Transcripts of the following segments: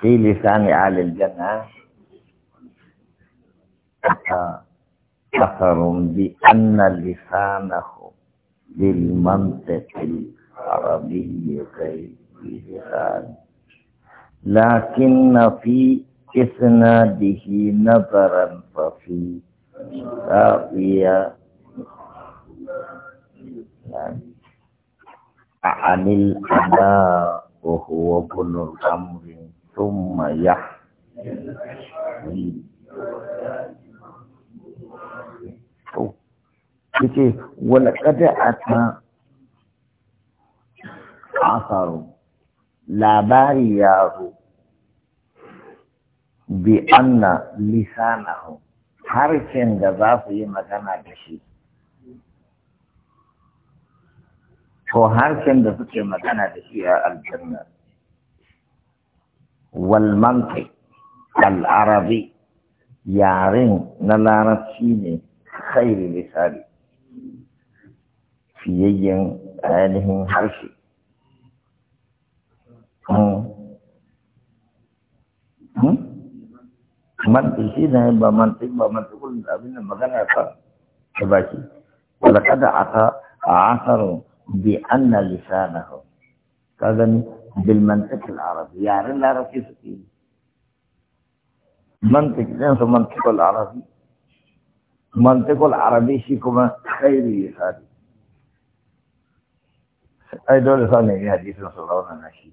في لسان أهل الجنة كفر بأن لسانه للمنطق العربي غير لسان لكن في إسناده نظرا ففي ساقية عن الأداء وهو ابن الأمر ثم يحيي yace wala kada ata asaru labari ya zo bi anna lisanahu harshen da za su yi magana da shi Ko harshen da suke magana da shi a aljanna والمنطق العربي يا رين نلارة سيني خير لساري في يجن آله حرشي منطق سيني بمنطق بمنطق الأبين مغنى فباشي ولقد عثر بأن لسانه قال بالمنطق العربي يعني لا ركز فيه منطق لأنه منطق العربي منطق العربي شيء كما خير يسار أي دول ثانية يا دي في صلاة ناشي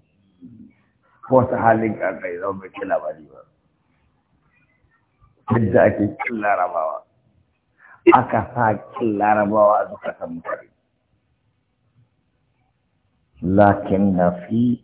فوت حالك أنت إذا ما كلا بدي بقى بدك كلا ربوا أكثا كلا ربوا أذكر لكن في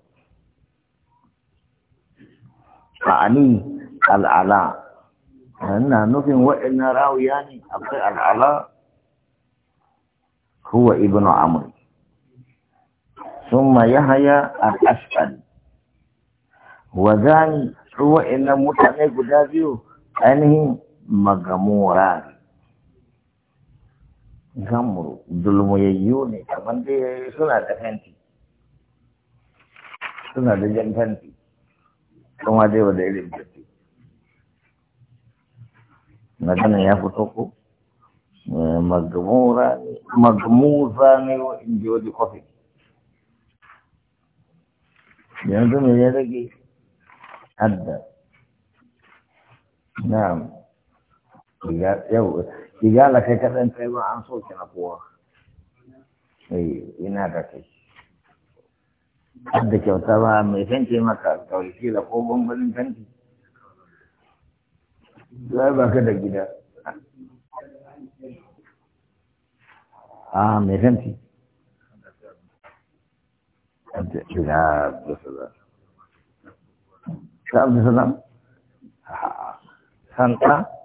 فعني العلاء أنا نفهم وإن راوياني يعني أبقي العلاء هو ابن عمرو ثم يحيى الأسفل وذان هو إن متعني قدابيو أنه مغموران gamuru dulmuyayyu ne كمان دي suna da سنة suna da kuma dai wa da irin tafi magana ya fito ko eh, magmuza ne wa in ji wani yanzu me ya rage hadda na yau igala kai kaɗan kai ba an soke na kowa eh, ina da kai har kyauta ba mai fenti maka kawai shi da ko gwangwanin fenti za ba ka da gida Ah, mai fenti da ila abdulsalam ta abdulsalam santa